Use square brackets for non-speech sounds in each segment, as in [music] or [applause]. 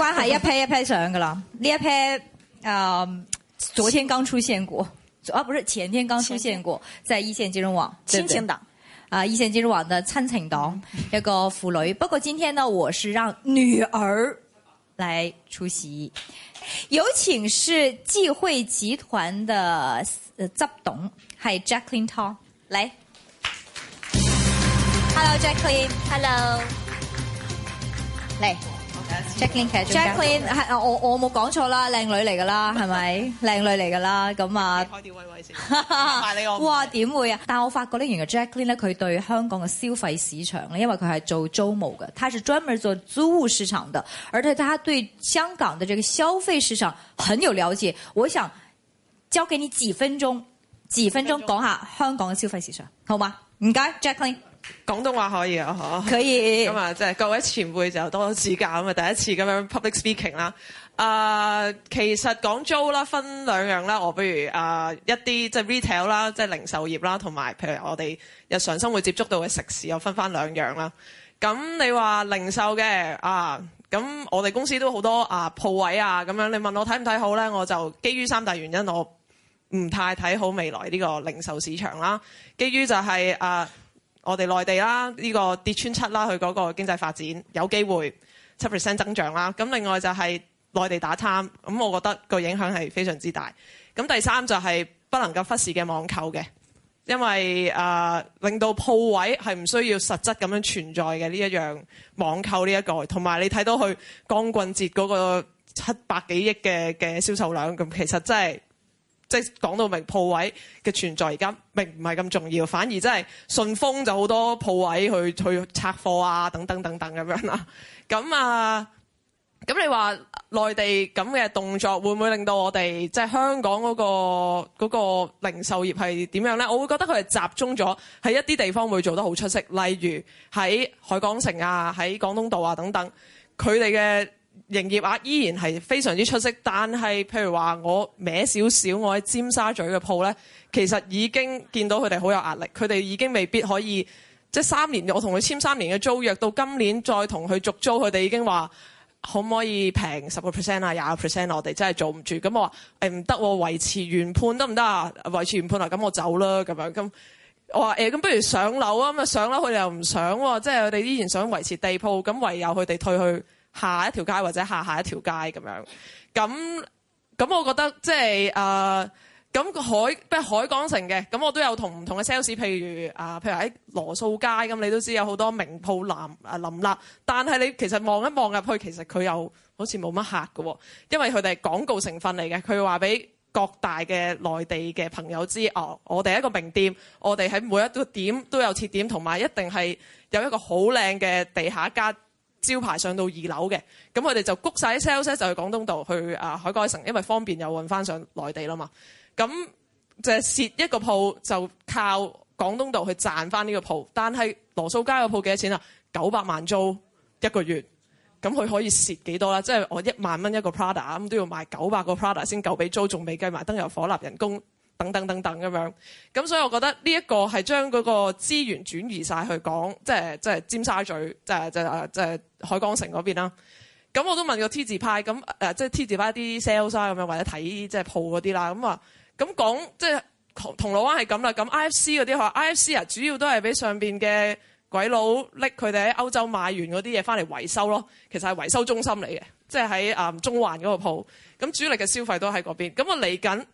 關係一拍一拍上噶啦，呢一拍啊、呃，昨天剛出現過，啊不是前天剛出現過，在一線金融網親情黨對對啊，一線金融網的親情黨一個婦女，不過今天呢，我是讓女兒來出席，有請是紀惠集團的執、呃、董，還有 Jacqueline Tong 來，Hello Jacqueline，Hello 來。Jacqueline Jacqueline 係我，我冇講錯啦，靚女嚟噶啦，係咪？靚 [laughs] 女嚟噶啦，咁啊。開點喂喂先，唔該你我。哇，點會啊？但我發覺咧，原來 Jacqueline 咧，佢對香港嘅消費市場咧，因為佢係做租務嘅，他係專門做租務市場的，而且他對香港的這個消費市場很有了解。我想交給你幾分鐘，幾分鐘講分鐘 下香港嘅消費市場，好嗎？唔該 Jacqueline。廣東話可以啊，可以咁啊，即係 [laughs] 各位前輩就多多指教咁啊，第一次咁樣 public speaking 啦。啊，其實講租啦，分兩樣啦。我譬如啊，一啲即係 retail 啦，即係零售業啦，同埋譬如我哋日常生活接觸到嘅食肆，又分翻兩樣啦。咁你話零售嘅啊，咁我哋公司都好多啊鋪位啊，咁樣你問我睇唔睇好咧？我就基於三大原因，我唔太睇好未來呢個零售市場啦。基於就係啊。我哋內地啦，呢、這個跌穿七啦，佢嗰個經濟發展有機會七 percent 增長啦。咁另外就係內地打貪，咁我覺得個影響係非常之大。咁第三就係不能夠忽視嘅網購嘅，因為誒、呃、令到鋪位係唔需要實質咁樣存在嘅呢一樣網購呢一個，同埋你睇到佢光棍節嗰個七百幾億嘅嘅銷售量，咁其實真係。即係講到明鋪位嘅存在，而家並唔係咁重要，反而真係順豐就好多鋪位去去拆貨啊，等等等等咁樣啦。咁啊，咁你話內地咁嘅動作會唔會令到我哋即係香港嗰個嗰個零售業係點樣呢？我會覺得佢係集中咗喺一啲地方會做得好出色，例如喺海港城啊、喺廣東道啊等等，佢哋嘅營業額依然係非常之出色，但係譬如話我歪少少，我喺尖沙咀嘅鋪咧，其實已經見到佢哋好有壓力，佢哋已經未必可以即係三年，我同佢簽三年嘅租約，到今年再同佢續租，佢哋已經話可唔可以平十個 percent 啊，廿個 percent 我哋真係做唔住。咁我話誒唔得，欸、我維持原判得唔得啊？維持原判啊，咁我走啦咁樣。咁我話誒，咁、欸、不如上樓啊，咁啊上樓佢哋又唔想、啊，即係佢哋依然想維持地鋪，咁唯有佢哋退去。下一條街或者下下一條街咁樣，咁咁我覺得即係誒咁海，即係海港城嘅，咁我都有同唔同嘅 sales，譬如啊，譬如喺羅素街咁，你都知有好多名鋪林啊林立，但係你其實望一望入去，其實佢又好似冇乜客喎，因為佢哋係廣告成分嚟嘅。佢話俾各大嘅內地嘅朋友知，哦，我哋一個名店，我哋喺每一個點都有設點，同埋一定係有一個好靚嘅地下街。」招牌上到二樓嘅，咁佢哋就谷晒啲 sales 就去廣東道去啊海港城，因為方便又運翻上內地啦嘛。咁就蝕一個鋪就靠廣東道去賺翻呢個鋪。但係羅素街個鋪幾多錢啊？九百萬租一個月，咁佢可以蝕幾多啦？即係我一萬蚊一個 Prada 咁都要賣九百個 Prada 先夠畀租，仲未計埋燈油火蠟人工。等等等等咁樣，咁所以我覺得呢一個係將嗰個資源轉移晒去講，即係即係尖沙咀，即係即係即係海港城嗰邊啦。咁我都問過 T 字派，咁誒、呃、即係 T 字派啲 sales 咁樣，或者睇即係鋪嗰啲啦。咁話咁講，即係銅銅鑼灣係咁啦。咁 IFC 嗰啲話 IFC 啊，主要都係俾上面嘅鬼佬拎佢哋喺歐洲買完嗰啲嘢翻嚟維修咯。其實係維修中心嚟嘅，即係喺中環嗰個鋪。咁主力嘅消費都喺嗰邊。咁我嚟緊。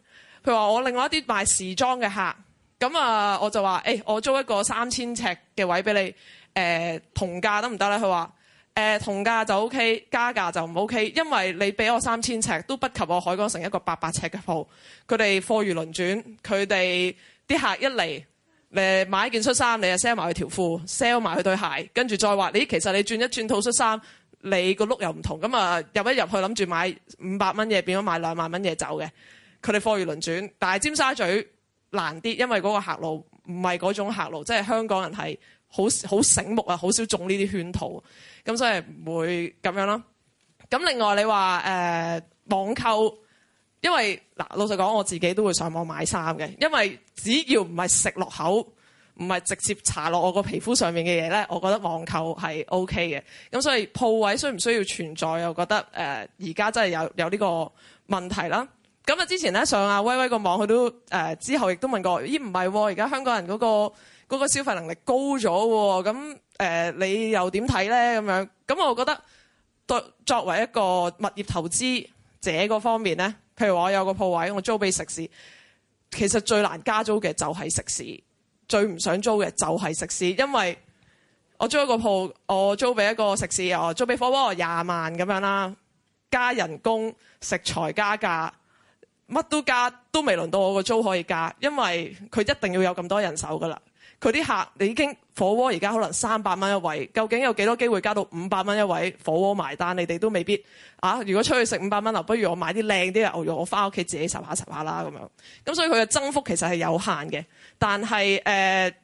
佢話：我另外一啲賣時裝嘅客，咁啊，我就話：誒、欸，我租一個三千尺嘅位俾你，誒、呃、同價得唔得咧？佢話：誒、呃、同價就 OK，加價就唔 OK，因為你俾我三千尺都不及我海港城一個八百尺嘅鋪。佢哋貨如輪轉，佢哋啲客一嚟，誒買一件恤衫，你就 sell 埋佢條褲，sell 埋佢對鞋，跟住再話：你、欸、其實你轉一轉套恤衫，你個碌又唔同。咁啊，入一入去諗住買五百蚊嘢，變咗買兩萬蚊嘢走嘅。佢哋貨如輪轉，但係尖沙咀難啲，因為嗰個客路唔係嗰種客路，即係香港人係好好醒目啊，好少中呢啲圈套，咁所以唔會咁樣囉。咁另外你話誒、呃、網購，因為嗱老實講，我自己都會上網買衫嘅，因為只要唔係食落口，唔係直接搽落我個皮膚上面嘅嘢咧，我覺得網購係 OK 嘅。咁所以鋪位需唔需要存在？我覺得誒而家真係有有呢個問題啦。咁啊、呃、之前咧上阿威威個網，佢都誒之後亦都問過，咦唔係喎而家香港人嗰、嗰個嗰、嗰個、消費能力高咗喎、哦？咁誒、呃、你又點睇咧？咁樣，咁我覺得作作為一個物業投資者嗰方面咧，譬如我有個鋪位，我租俾食肆，其實最難加租嘅就係食肆，最唔想租嘅就係食肆，因為我租一個鋪，我租俾一個食肆，我租俾火鍋我廿萬咁樣啦，加人工食材加價。乜都加都未輪到我個租可以加，因為佢一定要有咁多人手噶啦。佢啲客你已經火鍋而家可能三百蚊一位，究竟有幾多機會加到五百蚊一位火鍋埋單？你哋都未必啊！如果出去食五百蚊啊，不如我買啲靚啲嘅牛肉，我翻屋企自己煠下煠下啦咁樣。咁所以佢嘅增幅其實係有限嘅。但係誒，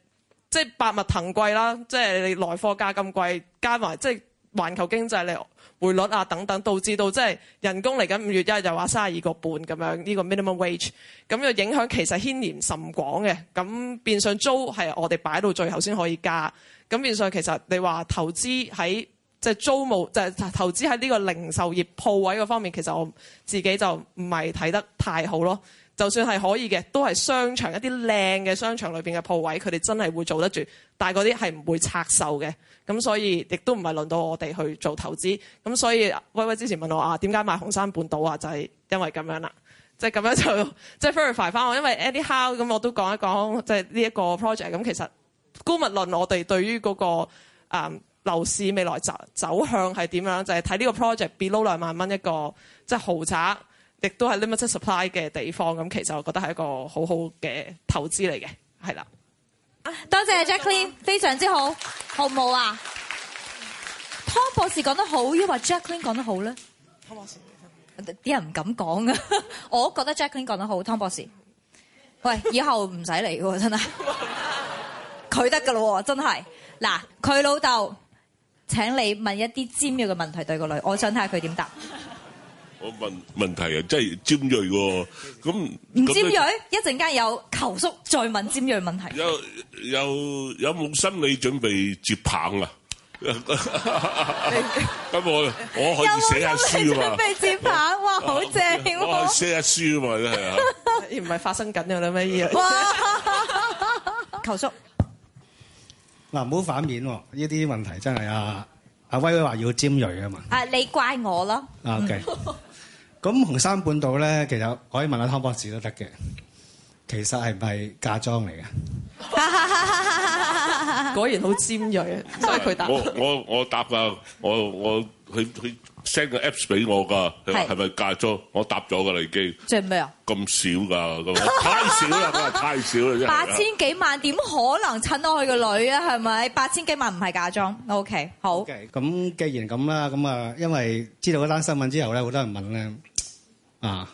即係百物騰貴啦，即係你來貨價咁貴，加埋即係環球經濟你匯率啊等等，導致到即係人工嚟緊五月一日又話三十二個半咁樣呢個 minimum wage，咁樣影響其實牽連甚廣嘅，咁變相租係我哋擺到最後先可以加，咁變相其實你話投資喺即係租務，即係投資喺呢個零售業鋪位嗰方面，其實我自己就唔係睇得太好咯。就算係可以嘅，都係商場一啲靚嘅商場裏面嘅鋪位，佢哋真係會做得住，但嗰啲係唔會拆售嘅。咁所以亦都唔係輪到我哋去做投資，咁所以威威之前問我啊，點解買紅山半島啊？就係、是、因為咁樣啦，即係咁樣就即係、就是、verify 翻我，因為 anyhow 咁我都講一講，即係呢一個 project。咁其實姑勿論，我哋對於嗰、那個誒、嗯、樓市未來走走向係點樣，就係睇呢個 project below 兩萬蚊一個，即、就、係、是、豪宅，亦都係 limited supply 嘅地方。咁其實我覺得係一個好好嘅投資嚟嘅，係啦。多謝 Jacqueline 非常之好，好唔好啊？湯博士講得好，抑或 Jacqueline 講得好咧？湯博士，啲人唔敢講㗎，我覺得 Jacqueline 講得好，湯博士。喂，以後唔使嚟喎，真係。佢得噶咯，真係。嗱，佢老豆，請你問一啲尖妙嘅問題對個女，我想睇下佢點答。我問問題又真係尖銳喎，咁唔尖銳，一陣間有球叔再問尖銳問題，有有有冇心理準備接棒啊？咁我我可以寫下書啊嘛，準備接棒？哇，好正哇，寫下書啊嘛，真係啊，而唔係發生緊㗎啦咩嘢？啊？球叔，嗱，唔好反面喎，呢啲問題真係啊。阿威威話要尖銳啊嘛，啊你怪我咯，O K。咁紅山半島咧，其實可以問下湯博士都得嘅。其實係唔係嫁妝嚟嘅？果然好尖鋭，所以佢答。我我我答㗎，我我佢佢 send 個 apps 俾我㗎，係咪嫁妝？我答咗㗎啦已經。即係咩啊？咁少㗎，咁太少啦，真係太少啦啫。八千幾萬點可能襯到佢個女啊？係咪？八千幾萬唔係嫁妝。OK，好。咁既然咁啦，咁啊，因為知道嗰單新聞之後咧，好多人問咧。啊，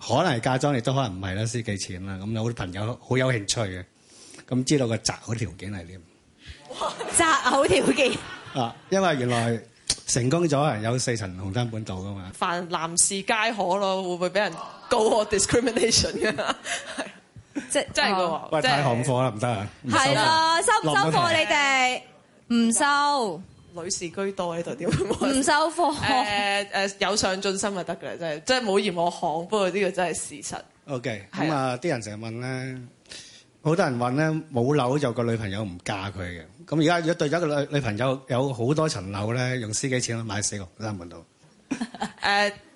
可能係嫁妝，亦都可能唔係啦，私己錢啦。咁有好多朋友好有興趣嘅，咁知道嗰個擇偶條件係點？擇偶條件啊，因為原來成功咗啊，有四層紅山半島噶嘛。凡男士皆可咯，會唔會俾人告我 discrimination 嘅？即即係噶喂，就是、太了不行糊啦，唔得啊！係咯，收唔收貨你哋？唔、啊、收。女士居多呢度，點會唔收貨？誒、呃呃、有上進心就得㗎，即係即係冇嫌我行。不過呢個真係事實。OK，咁啊的，啲、呃、人成日問咧，好多人問咧，冇樓就有個女朋友唔嫁佢嘅。咁而家如果對咗個女女朋友有好多層樓咧，用司機錢買買四個，有人問到。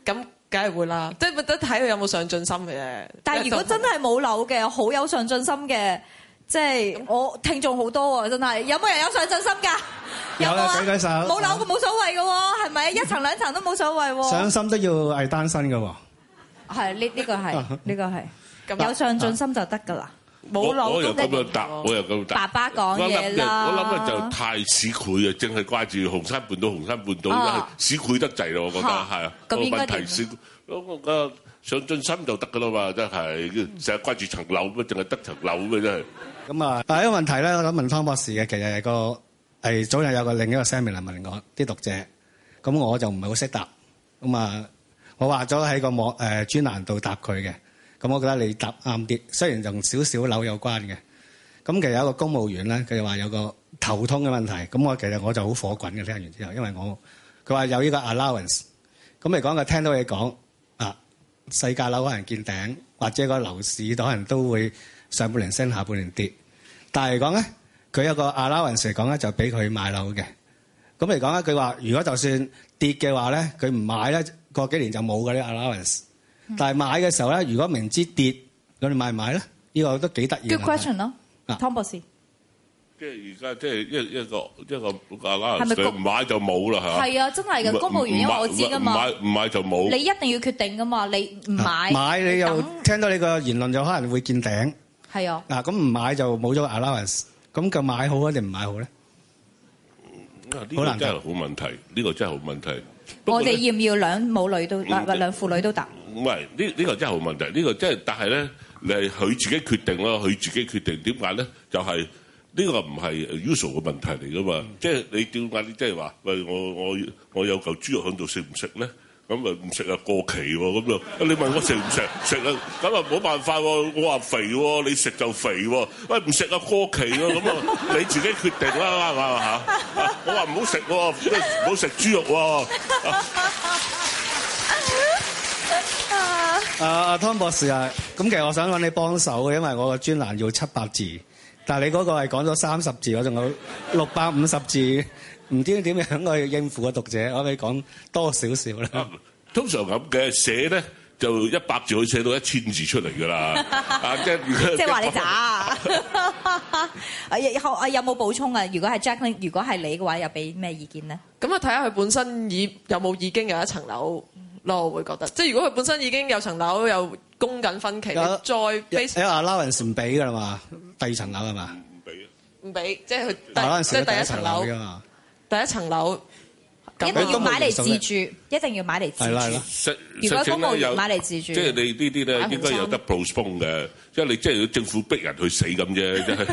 咁梗係會啦，即係都睇佢有冇上進心嘅啫。但如果真係冇樓嘅，好就有上進心嘅。即係我聽眾好多喎，真係有冇人有上進心㗎？有啊，冇樓嘅冇所謂嘅喎，係咪？一層兩層都冇所謂喎。上進心都要係單身嘅喎。係呢呢個係呢個係，有上進心就得㗎啦。冇樓又咁樣答，我又咁答。爸爸講嘢啦。我諗嘅就太市儈啊，淨係掛住紅山半島，紅山半島市儈得滯咯，我覺得係。咁問題上進心就得㗎啦嘛，真係成日掛住層樓，淨係得層樓嘅真係。咁啊，第一個問題咧，我想問湯博士嘅，其實係個係早日有個另一個聲明嚟問我啲讀者，咁我就唔係好識答，咁啊，我話咗喺個網誒、呃、專欄度答佢嘅，咁我覺得你答啱啲，雖然同少少樓有關嘅，咁其實有一個公務員咧，佢就話有個頭痛嘅問題，咁我其實我就好火滾嘅，聽完之後，因為我佢話有呢個 allowance，咁嚟講佢聽到你講啊，世界樓可能見頂，或者個樓市都可能都會，上半年升，下半年，下半年下跌。但係嚟講咧，佢有一個 allowance 嚟講咧，就俾、是、佢買樓嘅。咁嚟講咧佢話，如果就算跌嘅話咧，佢唔買咧，過幾年就冇噶啲 allowance。嗯、但係買嘅時候咧，如果明知跌，咁你買唔買咧？呢、這個都幾得意。Good question 咯，湯博士。即係而家，即係一一個、啊、一個 allowance，佢唔買就冇啦，係嘛？係啊，真係嘅，公務員因為我知噶嘛。唔買，唔買就冇。你一定要決定噶嘛？你唔買、啊、買你又聽到你個言論就可能會見頂。係啊，嗱咁唔買就冇咗 allowance，咁就買好啊定唔買好咧？可能真係好問題，呢個真係好問題。我哋要唔要兩母女都或或兩父女都得？唔係呢呢個真係好問題，呢個即係但係咧，你佢自己決定咯，佢自己決定點解咧？就係呢個唔係 usual 嘅問題嚟噶嘛？即係你點解即係話喂我我我有嚿豬肉喺度食唔食咧？咁咪唔食啊？過期喎、啊，咁又你問我食唔食？食啊，咁啊冇辦法喎。我話肥喎，你食就肥喎、啊。喂，唔食啊，過期咯、啊，咁啊你自己決定啦，係、啊、咪啊？我話唔好食，唔好食豬肉喎、啊。啊！湯、啊、博士啊，咁其實我想搵你幫手嘅，因為我個專欄要七百字，但係你嗰個係講咗三十字，我仲有六百五十字。唔知點樣去應付個讀者，我俾講多少少啦。通常咁嘅寫咧，就一百字會寫到一千字出嚟㗎啦。即係話你咋。我有冇補充啊？如果係 Jacqueline，如果係你嘅話，又俾咩意見咧？咁啊，睇下佢本身已有冇已經有一層樓咯，我會覺得。即係如果佢本身已經有層樓，又供緊分期，再 basic，你話拉人唔俾㗎啦嘛？第二層樓係嘛？唔俾啊！唔俾，即係佢即係第一層樓㗎嘛？第一層樓一定要買嚟自住，一定要買嚟自住。如果公務員買嚟自住，即係你呢啲咧應該有得 prospectpostpone 嘅，即係你即係政府逼人去死咁啫，真係。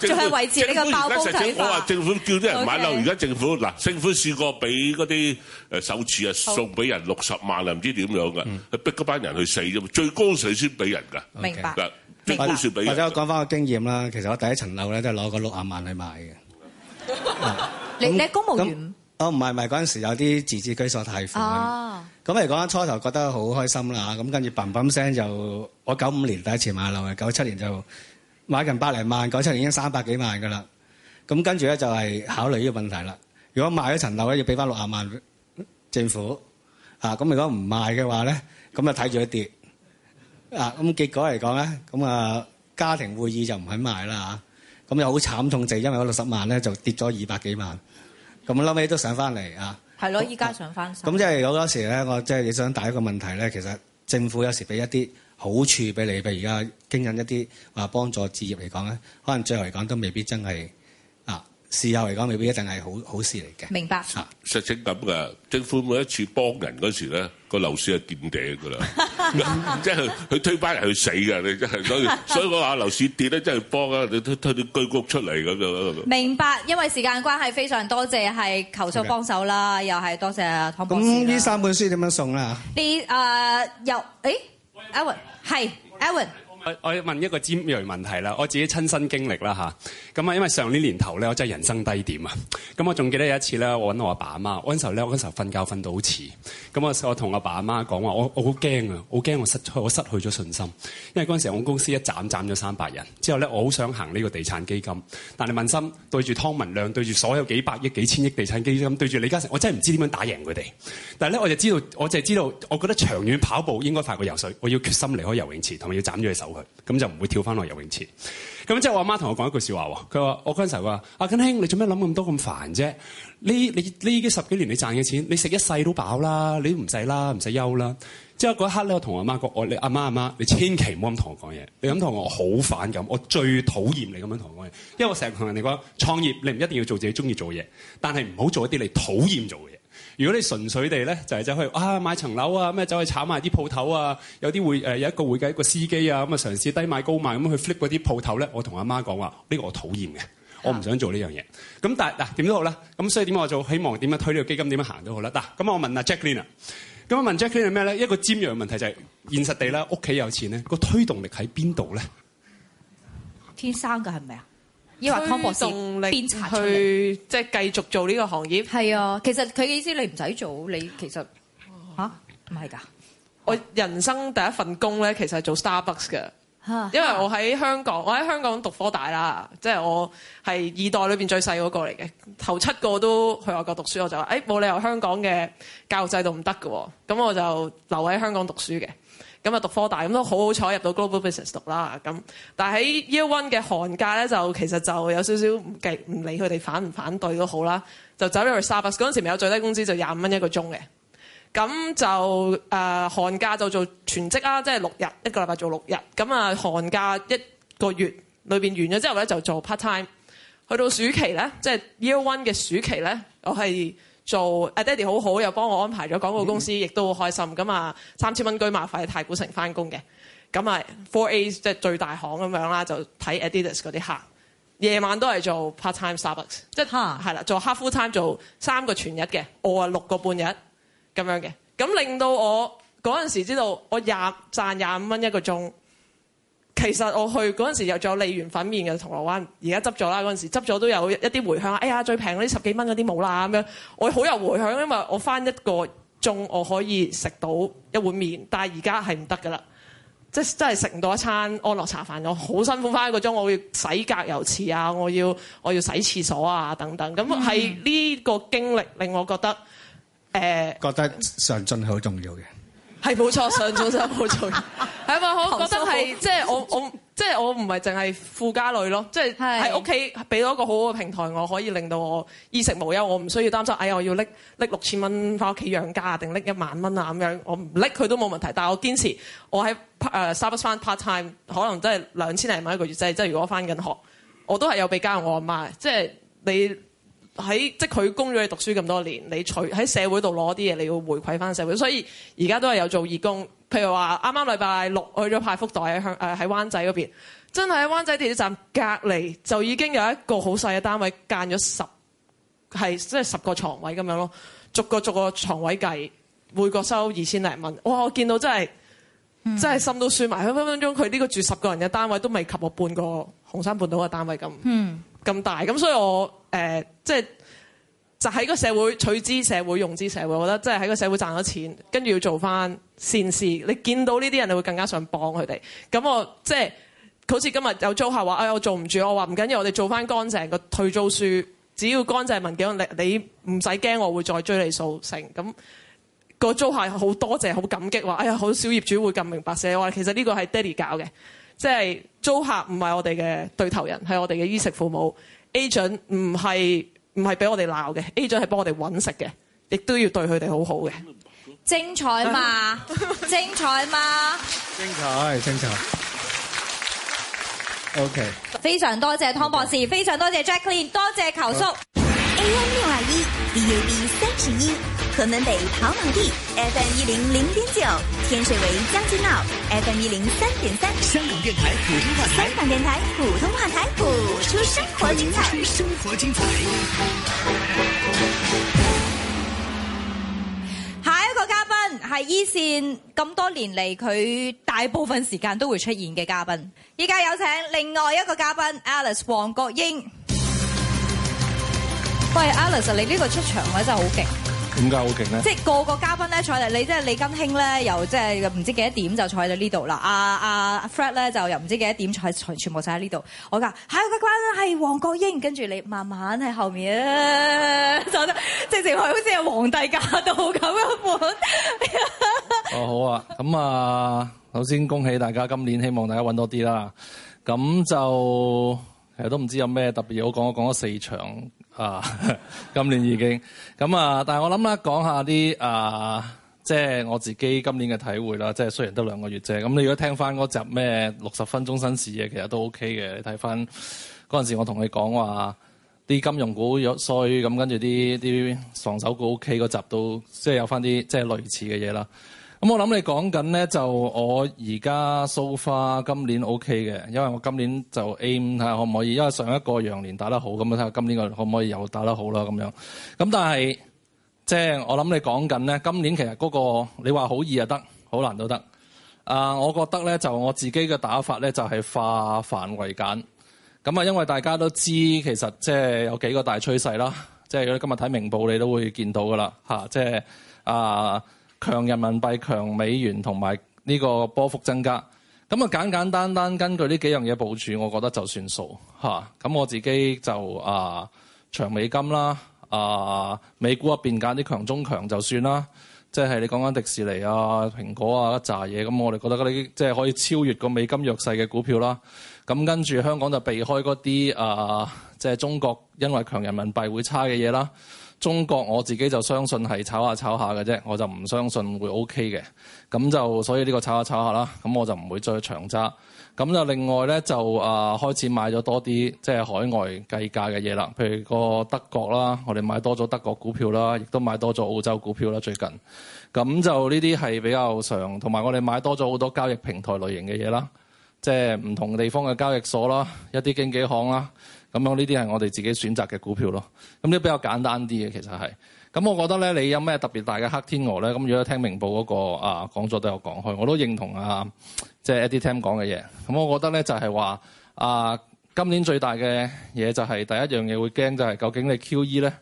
仲係維持呢個爆煲仔飯。我話政府叫啲人買樓，而家政府嗱，政府試過俾嗰啲誒首次啊送俾人六十萬啊，唔知點樣㗎，逼嗰班人去死啫嘛，最高誰先俾人㗎？明白。或者我講翻個經驗啦，其實我第一層樓咧都係攞個六十萬去買嘅。 [laughs] 啊、你你公務員？哦，唔係唔係，嗰陣時候有啲自置居所貸款。哦、啊，咁嚟講初頭覺得好開心啦，咁跟住砰砰聲就我九五年第一次買樓，九七年就買近百零萬，九七年已經三百幾萬噶啦。咁跟住咧就係考慮呢個問題啦。如果賣咗層樓咧要俾翻六廿萬政府，啊咁如果唔賣嘅話咧，咁就睇住佢跌。啊，咁結果嚟講咧，咁啊家庭會議就唔肯賣啦吓。咁又好慘痛滯，因為六十萬咧就跌咗二百幾萬，咁嬲尾都上翻嚟啊！係咯了，依家上翻咁即係好多時咧，我即係想帶一個問題咧，其實政府有時俾一啲好處俾你，譬如而家經引一啲話幫助置業嚟講咧，可能最後嚟講都未必真係啊，事後嚟講未必一定係好好事嚟嘅。明白。啊，實情咁嘅，政府每一次幫人嗰時咧，個樓市係點地嘅啦。 [laughs] [laughs] 即係佢推翻嚟，去死㗎！你真係所以，所以我話樓市跌咧，真係幫啊！你推推啲居屋出嚟咁樣。明白，因為時間關係，非常多謝係求速幫手啦，是的 又係多謝啊湯博士。咁呢三本書點樣送啦？你誒又 alan 阿雲係 Allen。我問一個尖銳問題啦，我自己親身經歷啦吓，咁啊因為上呢年頭咧，我真係人生低點啊，咁我仲記得有一次咧，我搵我阿爸阿媽，嗰陣時候咧，我嗰陣時候瞓覺瞓到好遲，咁我同阿爸阿媽講話，我怕我好驚啊，好驚我失我失去咗信心，因為嗰陣時候我公司一斬斬咗三百人，之後咧我好想行呢個地產基金，但係問心對住湯文亮，對住所有幾百億、幾千億地產基金，對住李嘉誠，我真係唔知點樣打贏佢哋，但係咧我就知道，我就係知道，我覺得長遠跑步應該快過游水，我要決心離開游泳池，同埋要斬咗佢手。咁就唔會跳翻落游泳池。咁即係我阿媽同我講一句說話喎，佢話：我嗰陣時候佢話阿根兄，你做咩諗咁多咁煩啫？呢你呢幾十幾年你賺嘅錢，你食一世都飽啦，你唔使啦，唔使休啦。之後嗰一刻咧，我同阿媽講：我你阿媽阿媽，你千祈唔好咁同我講嘢，你咁同我好反感，我最討厭你咁樣同我講嘢。因為我成日同人哋講創業，你唔一定要做自己中意做嘢，但係唔好做一啲你討厭做嘅嘢。如果你純粹地咧，就係、是、走去啊買層樓啊，咩走去炒賣啲鋪頭啊，有啲會、呃、有一個會計一個司機啊咁啊，嘗試低買高賣咁去 flip 嗰啲鋪頭咧，我同阿媽講話，呢、呢個我討厭嘅，我唔想做呢、啊啊、樣嘢。咁但係嗱點都好啦，咁所以點我就希望點樣推呢個基金點樣行都好啦。嗱、啊，咁我問阿、啊、Jacqueline 啊，咁我問 Jacqueline 係咩咧？一個尖銳嘅問題就係現實地咧，屋企有錢咧，個推動力喺邊度咧？天生嘅係咪啊？是推動力去即係繼續做呢個行業？係啊，其實佢嘅意思你唔使做，你其實嚇唔係㗎。啊、我人生第一份工咧，其實係做 Starbucks 嘅，因為我喺香港，我喺香港讀科大啦，即係我係二代裏邊最細嗰個嚟嘅。頭七個都去外國讀書，我就話誒冇理由香港嘅教育制度唔得㗎，咁我就留喺香港讀書嘅。咁啊讀科大咁都好好彩入到 Global Business 讀啦，咁但係喺 Year One 嘅寒假咧就其實就有少少唔計唔理佢哋反唔反對都好啦，就走咗去 Starbucks 嗰時未有最低工資就廿五蚊一個鐘嘅，咁就寒假、呃、就做全職啦、啊，即係六日一個禮拜做六日，咁啊寒假一個月裏面完咗之後咧就做 part time，去到暑期咧即係 Year One 嘅暑期咧我係。做 Adidas 好、啊、好，又幫我安排咗廣告公司，亦、嗯、都好開心咁啊！三千蚊居馬費喺太古城翻工嘅，咁啊 Four A 即係最大行咁樣啦，就睇 Adidas 嗰啲客，夜晚都係做 part time Starbucks，即係係啦，做 half time 做三個全日嘅，我啊六個半日咁樣嘅，咁令到我嗰陣時知道我廿賺廿五蚊一個鐘。其實我去嗰陣時又仲有利源粉麵嘅銅鑼灣，而家執咗啦。嗰陣時執咗都有一啲回響，哎呀，最平嗰啲十幾蚊嗰啲冇啦，咁樣我好有回響，因為我返一個鐘我可以食到一碗麵，但係而家係唔得噶啦。即係真係食唔到一餐安樂茶飯。我好辛苦返一個鐘，我要洗隔油池啊，我要我要洗廁所啊等等。咁係呢個經歷令我覺得，誒、呃、覺得上進係好重要嘅。係冇錯，上咗就冇錯，係咪？ [laughs] 我覺得係， [laughs] 即係我我即係我唔係淨係富家女咯，即係喺屋企俾到一個好好嘅平台，我可以令到我衣食無憂，我唔需要擔心。哎呀，我要拎拎六千蚊翻屋企養家定拎一萬蚊啊咁樣，我唔拎佢都冇問題。但係我堅持我喺，我喺誒 service 翻 part time，可能真係兩千零蚊一個月啫、即係。即係如果我翻緊學，我都係有俾家用我阿媽。即係你。喺即係佢供咗你讀書咁多年，你除喺社會度攞啲嘢，你要回饋翻社會。所以而家都係有做義工，譬如話啱啱禮拜六去咗派福袋喺香喺灣仔嗰邊，真係喺灣仔地鐵站隔離就已經有一個好細嘅單位間咗十係即係十個床位咁樣咯，逐個逐個床位計每個收二千零蚊。哇！我見到真係、嗯、真係心都酸埋，佢分分鐘佢呢個住十個人嘅單位都未及我半個紅山半島嘅單位咁咁、嗯、大。咁所以我誒，即係、呃、就喺、是、個社會取資社會、用資社會，我覺得即係喺個社會賺咗錢，跟住要做翻善事。你見到呢啲人，你會更加想幫佢哋。咁我即係、就是、好似今日有租客話，哎，我做唔住。我話唔緊要緊，我哋做翻乾淨個退租書，只要乾淨文警你唔使驚，我會再追你數成。咁、那個租客好多謝，好感激話，哎呀，好少業主會咁明白，所以我話其實呢個係爹 y 搞嘅，即、就、係、是、租客唔係我哋嘅對頭人，係我哋嘅衣食父母。Agent 唔係唔係俾我哋鬧嘅，Agent 係幫我哋揾食嘅，亦都要對佢哋好好嘅。 [laughs] 精彩嘛，精彩嘛，精彩精彩。O K，非常多謝湯博士，Okay. 非常多謝 Jacqueline 多謝球叔。A M 六二一，D A B 三十一。屯門北桃芒地 FM 一零零點九，9, 天水圍將軍澳 FM 一零三點三，香港電台普通話台，香港電台普通話台，播出生活,普生活精彩，播出生活精彩。下一個嘉賓係一線，咁多年嚟，佢大部分時間都會出現嘅嘉賓。依家有請另外一個嘉賓，Alice 黃國英。歡迎、哎、Alice，你呢個出場位真係好勁。點解好勁咧？呢即係個個嘉賓咧，嚟你即係李根興咧，又即係唔知幾多點就坐喺、啊啊、呢度啦。阿阿 Fred 咧，就又唔知幾多點坐全坐坐埋曬喺呢度。我話係關關係黃國英，跟住你慢慢喺後面咧，就即係好似係皇帝駕到咁樣本。 [laughs] 哦好啊，咁啊，首先恭喜大家今年，希望大家揾多啲啦。咁就其實都唔知有咩特別嘢，我講我講咗四場，啊， [laughs] 今年已經咁啊，但係我諗咧講下啲啊，即、呃、係、就是、我自己今年嘅體會啦，即、就、係、是、雖然得兩個月啫，咁你如果聽翻嗰集咩六十分鐘新事嘅，其實都 OK 嘅。你睇翻嗰陣時候我他說，我同你講話啲金融股弱衰，咁跟住啲啲防守股 OK，嗰集都即係、就是、有翻啲即係類似嘅嘢啦。咁、嗯、我諗你講緊咧，就我而家 so far 今年 OK 嘅，因為我今年就 aim 睇下可唔可以，因為上一個羊年打得好，咁啊睇下今年個可唔可以又打得好啦咁樣。咁但係即係我諗你講緊咧，今年其實嗰、那個你話好易啊得，好難都得。啊、呃，我覺得咧就我自己嘅打法咧就係、是、化繁為簡。咁、嗯、啊，因為大家都知道，其實即係有幾個大趨勢啦。即、就、係、是、今日睇明報，你都會見到噶啦吓。即係啊。就是呃強人民幣、強美元同埋呢個波幅增加，咁啊簡簡單單根據呢幾樣嘢部署，我覺得就算數嚇。咁我自己就啊、呃、長美金啦，啊、呃、美股入邊揀啲強中強就算啦。即係你講緊迪士尼啊、蘋果啊一紮嘢，咁我哋覺得嗰啲即係可以超越個美金弱勢嘅股票啦。咁跟住香港就避開嗰啲啊，呃、即係中國因為強人民幣會差嘅嘢啦。中國我自己就相信係炒下炒下嘅啫，我就唔相信會 OK 嘅，咁就所以呢個炒下炒下啦，咁我就唔會再長揸。咁就另外呢，就啊、呃、開始買咗多啲即係海外計價嘅嘢啦，譬如個德國啦，我哋買多咗德國股票啦，亦都買多咗澳洲股票啦最近。咁就呢啲係比較常，同埋我哋買多咗好多交易平台類型嘅嘢啦，即係唔同地方嘅交易所啦，一啲經紀行啦。咁樣呢啲係我哋自己選擇嘅股票咯，咁、嗯、呢比較簡單啲嘅其實係。咁、嗯、我覺得咧，你有咩特別大嘅黑天鵝咧？咁、嗯、如果聽明報嗰、那個啊講座都有講開，我都認同啊，即、就、係、是、Edith M 講嘅嘢。咁、嗯、我覺得咧就係、是、話啊，今年最大嘅嘢就係、是、第一樣嘢會驚就係、是、究竟你 QE 咧，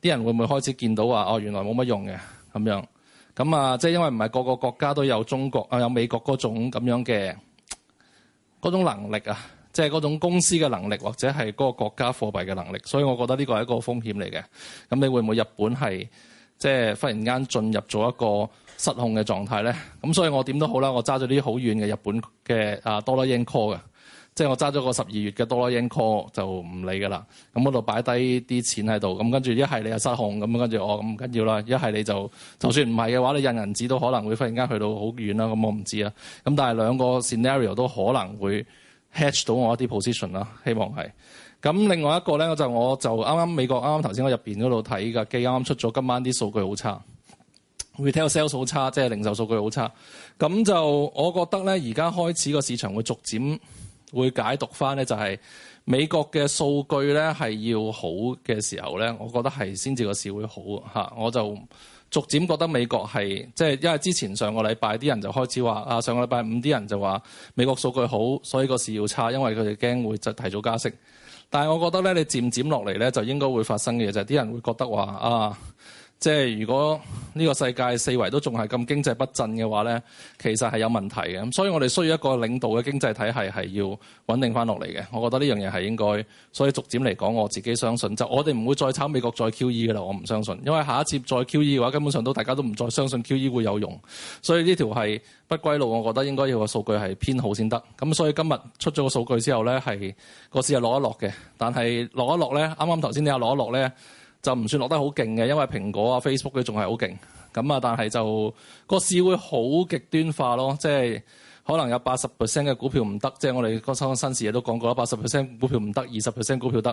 啲人會唔會開始見到話哦原來冇乜用嘅咁樣？咁、嗯、啊、嗯、即係因為唔係個個國家都有中國啊有美國嗰種咁樣嘅嗰種能力啊。即係嗰種公司嘅能力，或者係嗰個國家貨幣嘅能力，所以我覺得呢個係一個風險嚟嘅。咁你會唔會日本係即係忽然間進入咗一個失控嘅狀態咧？咁所以我點都好啦，我揸咗啲好遠嘅日本嘅 dollar call 嘅，即係我揸咗個十二月嘅 dollar call 就唔理㗎啦。咁嗰度擺低啲錢喺度，咁跟住一係你又失控，咁跟住我咁唔緊要啦。一係你就就算唔係嘅話，你印銀紙都可能會忽然間去到好遠啦。咁我唔知啦。咁但係兩個 scenario 都可能會。hatch 到我一啲 position 啦，希望係。咁另外一個咧，就是、我就我就啱啱美國啱啱頭先我入面嗰度睇噶，既啱啱出咗今晚啲數據好差 r e t l sales 好差，即係、就是、零售數據好差。咁就我覺得咧，而家開始個市場會逐漸會解讀翻咧，就係美國嘅數據咧係要好嘅時候咧，我覺得係先至個市會好我就。逐漸覺得美國係即係，因為之前上個禮拜啲人就開始話啊，上個禮拜五啲人就話美國數據好，所以個市要差，因為佢哋驚會提早加息。但係我覺得咧，你漸漸落嚟咧，就應該會發生嘅就係、是、啲人會覺得話啊。即係如果呢個世界四圍都仲係咁經濟不振嘅話呢，其實係有問題嘅。咁所以我哋需要一個領導嘅經濟體系，係要穩定翻落嚟嘅。我覺得呢樣嘢係應該。所以逐漸嚟講，我自己相信就我哋唔會再炒美國再 QE 嘅啦。我唔相信，因為下一次再 QE 嘅話，根本上都大家都唔再相信 QE 會有用。所以呢條係不歸路，我覺得應該要個數據係偏好先得。咁所以今日出咗個數據之後呢，係個市係落一落嘅。但係落一落呢，啱啱頭先你又落一落呢。就唔算落得好勁嘅，因為蘋果啊、Facebook 佢仲係好勁咁啊，但係就個市會好極端化咯，即係。可能有八十 percent 嘅股票唔得，即係我哋剛新新時亦都講過啦，八十 percent 股票唔得，二十 percent 股票得。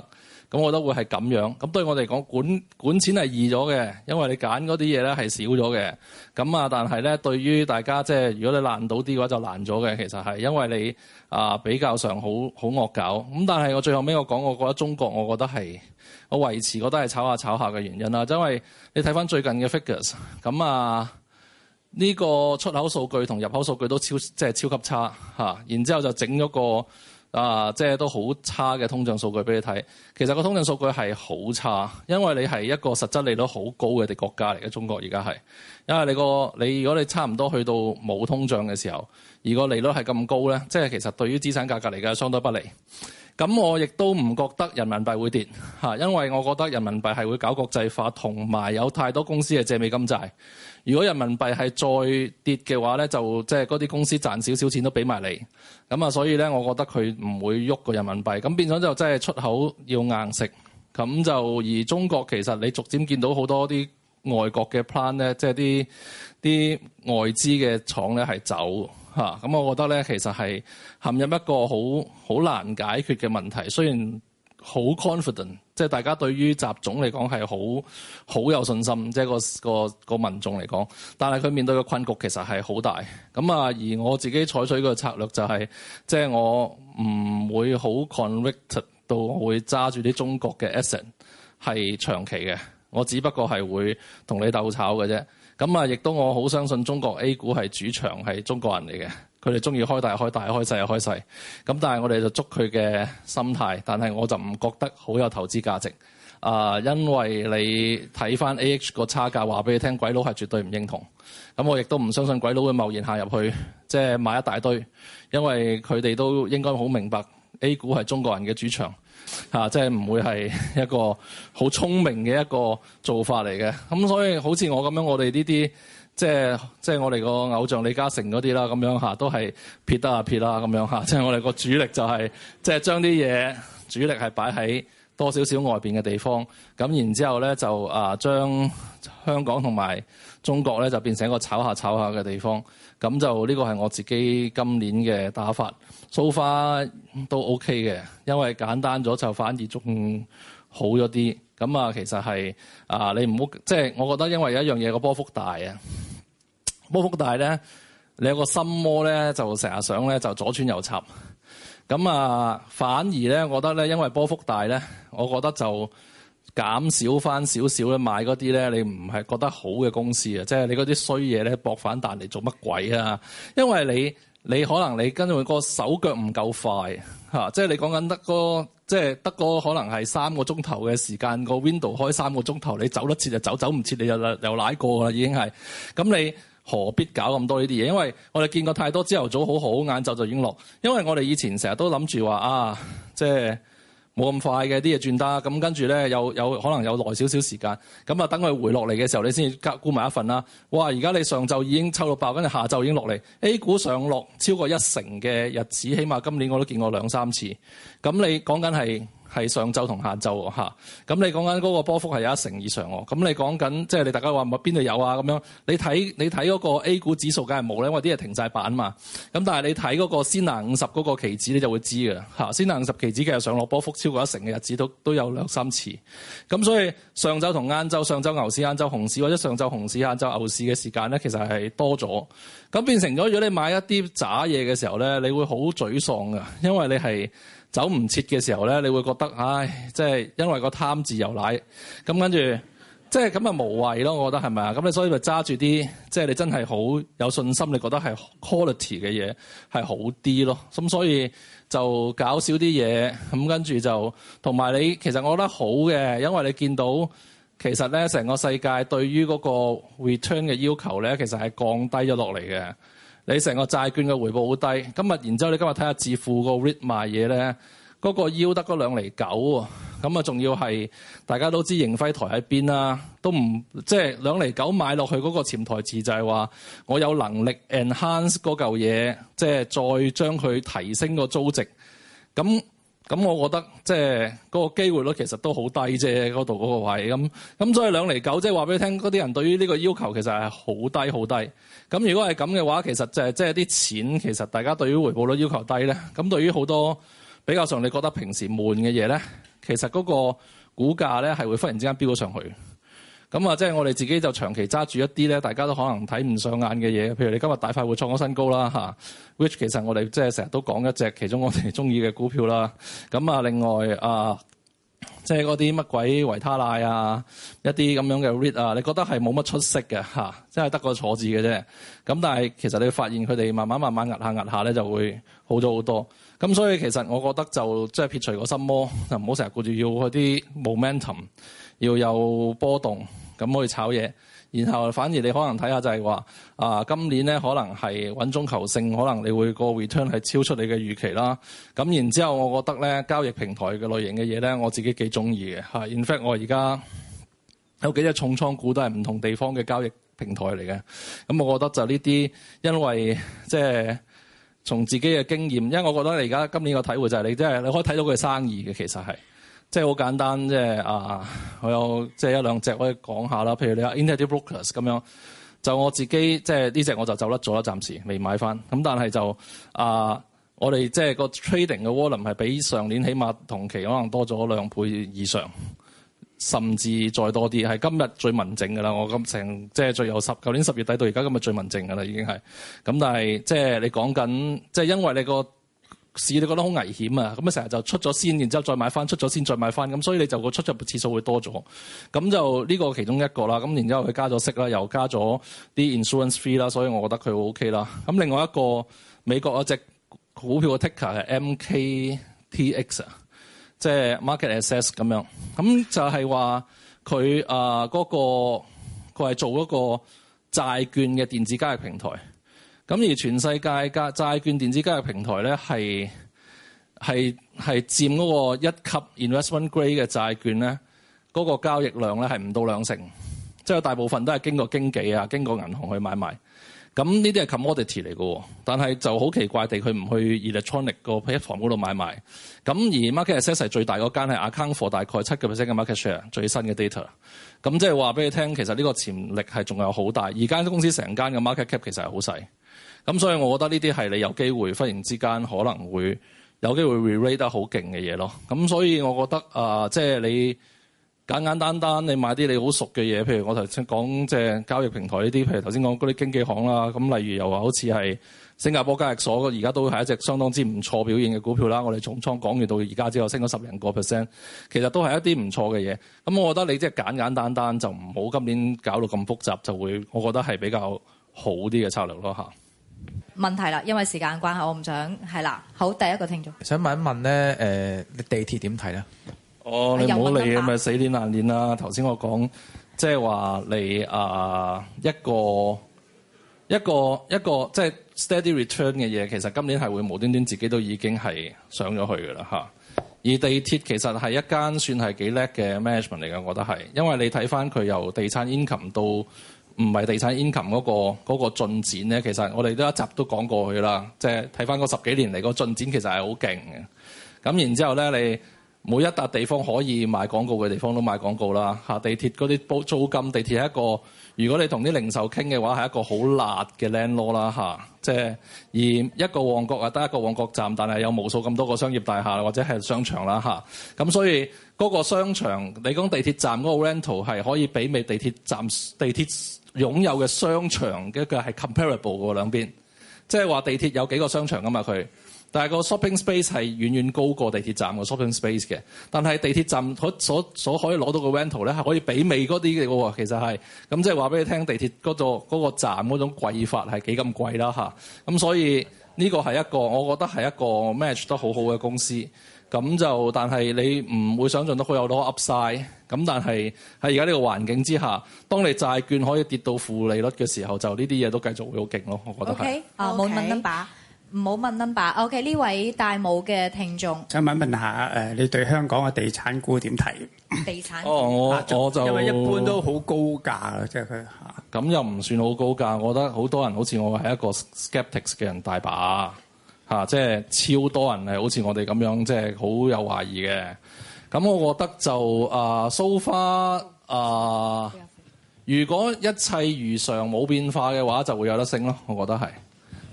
咁我覺得會係咁樣。咁對我哋講，管管錢係易咗嘅，因為你揀嗰啲嘢咧係少咗嘅。咁啊，但係咧，對於大家即係如果你難到啲嘅話，就難咗嘅。其實係因為你啊，呃，比較上好好惡搞。咁但係我最後尾我講，我覺得中國，我覺得係我維持覺得係炒下炒下嘅原因啦。就因為你睇翻最近嘅 figures，咁啊。呃呢個出口數據同入口數據都超即係、就是、超級差，然之後就整咗個啊即係、就是、都好差嘅通脹數據俾你睇。其實個通脹數據係好差，因為你係一個實質利率好高嘅啲國家嚟嘅，中國而家係，因為你個你如果你差唔多去到冇通脹嘅時候，而個利率係咁高呢，即係其實對於資產價格嚟嘅相當不利。咁我亦都唔覺得人民幣會跌嚇，因為我覺得人民幣係會搞國際化，同埋有太多公司係借美金債。如果人民幣係再跌嘅話咧，就即係嗰啲公司賺少少錢都俾埋你。咁啊，所以咧，我覺得佢唔會喐個人民幣。咁變咗就即係出口要硬食。咁就而中國其實你逐漸見到好多啲外國嘅 plan 咧，即係啲啲外資嘅廠咧係走。咁，啊、我覺得咧，其實係陷入一個好好難解決嘅問題。雖然好 confident，即係大家對於習總嚟講係好好有信心，即、就、係、是、個個個民眾嚟講，但係佢面對嘅困局其實係好大。咁啊，而我自己採取嘅策略就係、是，即、就、係、是、我唔會好 convicted 到我會揸住啲中國嘅 asset 係長期嘅。我只不過係會同你鬥炒嘅啫。咁啊，亦都我好相信中國 A 股，係主場，係中國人嚟嘅，佢哋中意開大開大開細又開細。咁但係我哋就捉佢嘅心態，但係我就唔覺得好有投資價值啊，因為你睇翻 A H 個差價話俾你聽，鬼佬係絕對唔認同。咁我亦都唔相信鬼佬會貿然下入去即係、就是、買一大堆，因為佢哋都應該好明白 A 股係中國人嘅主場。嚇、啊，即係唔會係一個好聰明嘅一個做法嚟嘅。咁所以好似我咁樣，我哋呢啲即係即係我哋個偶像李嘉誠嗰啲啦，咁樣下都係撇得啊撇啦，咁樣下，即係我哋個主力就係、是、即係將啲嘢主力係擺喺多少少外邊嘅地方。咁然之後咧就啊，將香港同埋。中國咧就變成一個炒下炒下嘅地方，咁就呢個係我自己今年嘅打法。So far 都 OK 嘅，因為簡單咗就反而仲好咗啲。咁啊，其實係啊，你唔好即係，就是、我覺得因為有一樣嘢個波幅大啊，波幅大咧，你有個心魔咧就成日想咧就左穿右插。咁啊，反而咧我覺得咧，因為波幅大咧，我覺得就。減少翻少少咧，買嗰啲咧，你唔係覺得好嘅公司啊，即係你嗰啲衰嘢咧，搏反彈嚟做乜鬼啊？因為你你可能你跟住個手腳唔夠快、啊、即係你講緊得個，即係得個可能係三個鐘頭嘅時間個 window 開三個鐘頭，你走得切就走，走唔切你又又奶過啦，已經係。咁你何必搞咁多呢啲嘢？因為我哋見過太多朝頭早好好，晏晝就已經落。因為我哋以前成日都諗住話啊，即係。冇咁快嘅啲嘢轉得咁，跟住咧有有可能有耐少少時間咁啊，等佢回落嚟嘅時候，你先至加沽埋一份啦。哇！而家你上晝已經抽到爆，跟住下晝已經落嚟，A 股上落超過一成嘅日子，起碼今年我都見過兩三次。咁你講緊係？係上晝同下晝喎，咁、啊、你講緊嗰個波幅係有一成以上喎，咁你講緊即係你大家話邊度有啊咁樣？你睇你睇嗰個 A 股指數梗係冇咧，因為啲係停曬板嘛。咁、啊、但係你睇嗰個先納五十嗰個期指，你就會知嘅、啊、先納五十期指其實上落波幅超過一成嘅日子都都有兩三次。咁所以上晝同晏晝，上晝牛市晏晝熊市，或者上晝熊市晏晝牛市嘅時間咧，其實係多咗。咁變成咗，如果你買一啲渣嘢嘅時候咧，你會好沮喪嘅，因為你係。走唔切嘅時候咧，你會覺得，唉，即係因為個貪自由奶，咁跟住，即係咁啊無謂咯，我覺得係咪啊？咁你所以咪揸住啲，即係你真係好有信心，你覺得係 quality 嘅嘢係好啲咯。咁所以就搞少啲嘢，咁跟住就同埋你，其實我覺得好嘅，因為你見到其實咧，成個世界對於嗰個 return 嘅要求咧，其實係降低咗落嚟嘅。你成個債券嘅回報好低，今日然之後你今日睇下置富個 REIT 賣嘢咧，嗰個 Yield 得嗰兩厘九喎，咁啊仲要係大家都知盈輝台喺邊啦，都唔即係兩厘九買落去嗰個潛台詞就係話我有能力 enhance 嗰嚿嘢，即係再將佢提升個租值。咁咁我覺得即係嗰個機會率其實都好低啫，嗰度嗰個位咁咁，所以兩厘九即係話俾你聽，嗰啲人對於呢個要求其實係好低好低。咁如果係咁嘅話，其實即係即係啲錢，其實大家對於回報率要求低咧，咁對於好多比較上你覺得平時悶嘅嘢咧，其實嗰個股價咧係會忽然之間飆咗上去。咁啊，即係我哋自己就長期揸住一啲咧，大家都可能睇唔上眼嘅嘢，譬如你今日大快活創咗新高啦吓 which 其實我哋即係成日都講一隻其中我哋中意嘅股票啦。咁啊，另外啊。即係嗰啲乜鬼維他奶啊，一啲咁樣嘅 read 啊，你覺得係冇乜出色嘅吓，即係得個坐字嘅啫。咁但係其實你會發現佢哋慢慢慢慢壓下壓下咧就會好咗好多。咁所以其實我覺得就即係撇除個心魔，就唔好成日顧住要啲 momentum，要有波動咁去炒嘢。然後反而你可能睇下就係話啊，今年咧可能係穩中求勝，可能你會個 return 係超出你嘅預期啦。咁然之後，我覺得咧交易平台嘅類型嘅嘢咧，我自己幾中意嘅。In fact，我而家有幾隻重倉股都係唔同地方嘅交易平台嚟嘅。咁我覺得就呢啲，因為即係從自己嘅經驗，因為我覺得你而家今年個體會就係你即係你可以睇到佢嘅生意嘅其實係。即係好簡單，即係啊！我有即係一兩隻可以講下啦。譬如你話 Interactive Brokers 咁樣，就我自己即係呢隻我就走甩咗啦，暫時未買翻。咁但係就啊，我哋即係個 trading 嘅 volume 係比上年起碼同期可能多咗兩倍以上，甚至再多啲。係今日最文靜噶啦，我今成即係最有十，舊年十月底到而家今日最文靜噶啦，已經係。咁但係即係你講緊，即係因為你個。市你覺得好危險啊！咁啊成日就出咗先，然之後再買翻，出咗先再買翻，咁所以你就個出入嘅次數會多咗。咁就呢個其中一個啦。咁然之後佢加咗息啦，又加咗啲 insurance fee 啦，所以我覺得佢好 OK 啦。咁另外一個美國有一隻股票嘅 ticker 係 MKTX，即係 market access 咁樣。咁就係話佢啊嗰個佢係做一個債券嘅電子交易平台。咁而全世界嘅債券電子交易平台咧，係係係佔嗰個一級 investment grade 嘅債券咧嗰個交易量咧，係唔到兩成，即係大部分都係經過經紀啊，經過銀行去買賣。咁呢啲係 commodity 嚟㗎喎，但係就好奇怪地，佢唔去 electronic 嗰 platform 嗰度買賣。咁而 market share 最大嗰間係 account for，大概七個 percent 嘅 market share。最新嘅 data，咁即係話俾你聽，其實呢個潛力係仲有好大。而間公司成間嘅 market cap 其實係好細。咁所以我覺得呢啲係你有機會忽然之間可能會有機會 re-rate 得好勁嘅嘢咯。咁所以我覺得啊，即、呃、係、就是、你簡簡單單你買啲你好熟嘅嘢，譬如我頭先講即係交易平台呢啲，譬如頭先講嗰啲經紀行啦。咁例如又話好似係新加坡交易所，而家都係一隻相當之唔錯表現嘅股票啦。我哋從倉講完到而家之後升咗十零個 percent，其實都係一啲唔錯嘅嘢。咁我覺得你即係簡簡單單，單就唔好今年搞到咁複雜，就會我覺得係比較好啲嘅策略咯吓。問題啦，因為時間關係，我唔想係啦。好，第一個聽眾想問一問咧，呃、你地鐵點睇咧？哦，你唔好理咁咪死鏈爛鏈啦。頭先我講即係話你啊、呃、一個一個一個即係 steady return 嘅嘢，其實今年係會無端端自己都已經係上咗去㗎啦嚇。而地鐵其實係一間算係幾叻嘅 management 嚟㗎，我覺得係，因為你睇翻佢由地產 income 到。唔係地產 income 嗰個嗰、那個進展咧，其實我哋都一集都講過去啦。即係睇翻嗰十幾年嚟嗰、那個、進展，其實係好勁嘅。咁然之後咧，你每一笪地方可以賣廣告嘅地方都賣廣告啦。嚇，地鐵嗰啲租金，地鐵係一個如果你同啲零售傾嘅話，係一個好辣嘅 landlord 啦。即、啊、係、就是、而一個旺角啊，得一個旺角站，但係有無數咁多個商業大廈或者係商場啦。嚇、啊，咁所以嗰、那個商場，你講地鐵站嗰個 rental 係可以媲美地鐵站地鐵擁有嘅商場嘅一個係 comparable 嘅兩邊，即係話地鐵有幾個商場㗎嘛佢，但係個 shopping space 係遠遠高過地鐵站個 shopping space 嘅，但係地鐵站所所，所可以攞到個 rental 咧係可以媲美嗰啲嘅喎，其實係咁即係話俾你聽，地鐵嗰座嗰個站嗰種貴法係幾咁貴啦，吓，咁所以呢個係一個我覺得係一個 match 得好好嘅公司。咁就，但係你唔會想象到佢有到 Upside。咁但係喺而家呢個環境之下，當你債券可以跌到負利率嘅時候，就呢啲嘢都繼續會好勁咯。我覺得係。O K，冇問 number，唔好問 number。O K，呢位戴帽嘅聽眾，請問問下誒，你對香港嘅地產股點睇？地產。哦， [laughs] 我我就因為一般都好高價即係佢嚇。咁又唔算好高價，我覺得好多人好似我係一個 skeptics 嘅人大把。啊！即係超多人係好似我哋咁樣，即係好有懷疑嘅。咁、嗯、我覺得就啊，so far 啊，如果一切如常冇變化嘅話，就會有得升咯。我覺得係，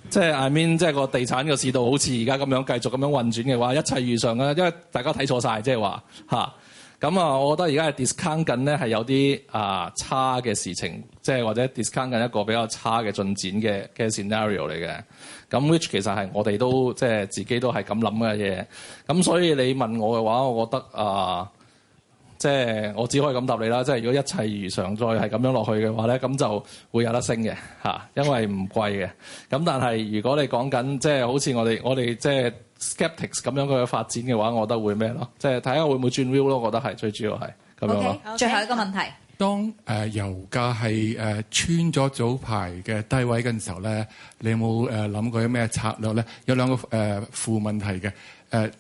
即係 I mean，即係個地產嘅市道好似而家咁樣繼續咁樣運轉嘅話，一切如常啦。因為大家睇錯晒，即係話嚇。啊咁啊，我覺得而家係 discount 緊咧，係有啲啊差嘅事情，即係或者 discount 緊一個比較差嘅進展嘅嘅 scenario 嚟嘅。咁 which 其實係我哋都即係自己都係咁諗嘅嘢。咁所以你問我嘅話，我覺得啊、呃，即係我只可以咁答你啦。即係如果一切如常，再係咁樣落去嘅話咧，咁就會有得升嘅嚇，因為唔貴嘅。咁但係如果你講緊即係好似我哋我哋即係。Skeptics 咁樣嘅發展嘅話，我覺得會咩咯？即係睇下會唔會轉 view 咯。我覺得係最主要係咁樣。最後一個問題：當、呃、油價係、呃、穿咗早排嘅低位嘅時候咧，你有冇諗、呃、過有咩策略咧？有兩個誒、呃、負問題嘅、呃、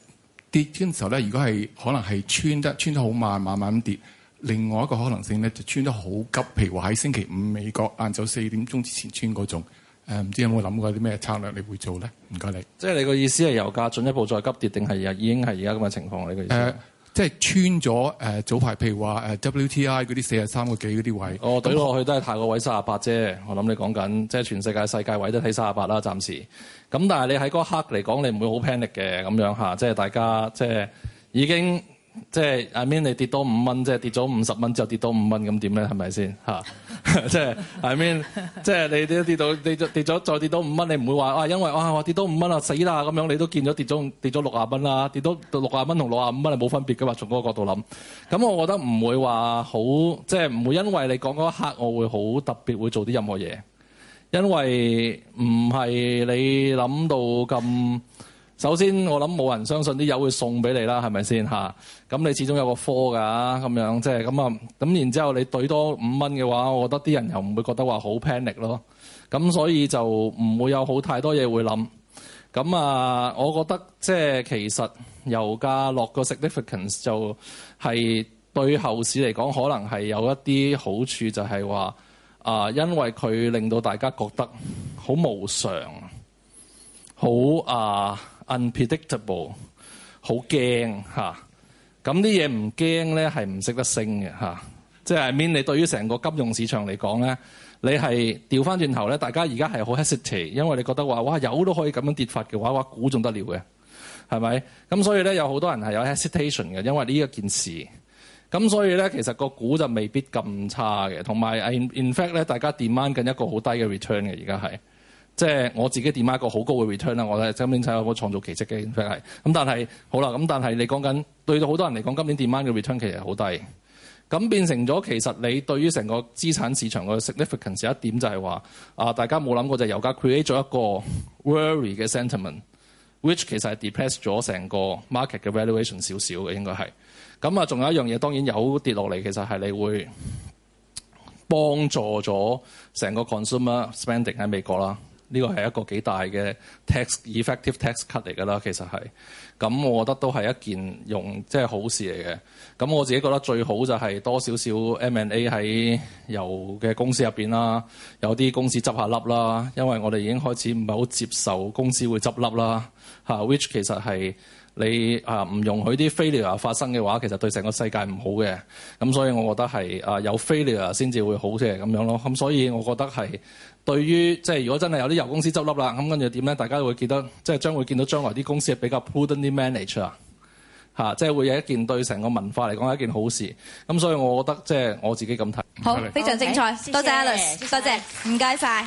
跌嘅時候咧，如果係可能係穿得穿得好慢，慢慢跌；另外一個可能性咧，就穿得好急，譬如話喺星期五美國晏晝四點鐘之前穿嗰種。誒唔知有冇諗過啲咩策略你會做咧？唔該你。即係你個意思係油價進一步再急跌，定係已經係而家咁嘅情況？呢個意思。誒，即係穿咗誒、呃、早排，譬如話 WTI 嗰啲四十三個幾嗰啲位。哦，對落那去都係太過位三十八啫。我諗你講緊即係全世界世界位都睇三十八啦，暫時。咁但係你喺嗰刻嚟講，你唔會好 pan 力嘅咁樣下，即係大家即係已經。即係 I mean 你跌多五蚊，即係跌咗五十蚊之後跌多五蚊，咁點咧？係咪先嚇？即係 I mean，即係你跌到跌咗跌咗再跌到五蚊，你唔會話啊，因為啊跌多五蚊啊死啦咁樣，你都見咗跌咗跌咗六啊蚊啦，跌到六啊蚊同六啊五蚊係冇分別嘅嘛？從嗰個角度諗，咁我覺得唔會話好，即係唔會因為你講嗰一刻，我會好特別會做啲任何嘢，因為唔係你諗到咁。首先我諗冇人相信啲油會送俾你啦，係咪先吓？咁你始終有個科㗎，咁樣即係咁啊。咁然之後你對多五蚊嘅話，我覺得啲人又唔會覺得話好 panic 咯。咁所以就唔會有好太多嘢會諗。咁啊，我覺得即係其實油價落個 significance 就係對後市嚟講，可能係有一啲好處就，就係話啊，因為佢令到大家覺得好無常，好啊。呃 Unpredictable，好驚吓咁啲、啊、嘢唔驚咧係唔識得升嘅、啊、即係 I mean 你對於成個金融市場嚟講咧，你係調翻轉頭咧，大家而家係好 hesitate，因為你覺得話哇有都可以咁樣跌法嘅話，哇股仲得了嘅，係咪？咁所以咧有好多人係有 hesitation 嘅，因為呢一件事，咁所以咧其實個股就未必咁差嘅，同埋 in, in fact 咧大家 demand 緊一個好低嘅 return 嘅而家係。即係我自己 demand 一個好高嘅 return 啦。我哋今年睇下個創造奇跡嘅嘢，係咁。但係好啦，咁但係你講緊對到好多人嚟講，今年 demand 嘅 return 其實好低，咁變成咗其實你對於成個資產市場嘅 significance 一點就係話啊，大家冇諗過就係油價 create 咗一個 worry 嘅 sentiment，which 其實係 depress 咗成個 market 嘅 valuation 少少嘅應該係咁啊。仲有一樣嘢，當然有跌落嚟，其實係你會幫助咗成個 consumer spending 喺美國啦。呢個係一個幾大嘅 tax effective tax cut 嚟㗎啦，其實係，咁我覺得都係一件用即係好事嚟嘅。咁我自己覺得最好就係多少少 M&A 喺由嘅公司入面啦，有啲公司執下笠啦，因為我哋已經開始唔係好接受公司會執笠啦，吓，which 其實係。你啊，唔容許啲 failure 發生嘅話，其實對成個世界唔好嘅。咁所以我覺得係啊，有 failure 先至會好啲嘅咁樣咯。咁所以我覺得係對於即係如果真係有啲油公司執笠啦，咁跟住點咧？大家會記得即係將會見到將來啲公司係比較 prudently manage 啊，嚇即係會有一件對成個文化嚟講係一件好事。咁所以我覺得即係我自己咁睇。好，非常精彩，多謝 Alice，多謝，唔該晒。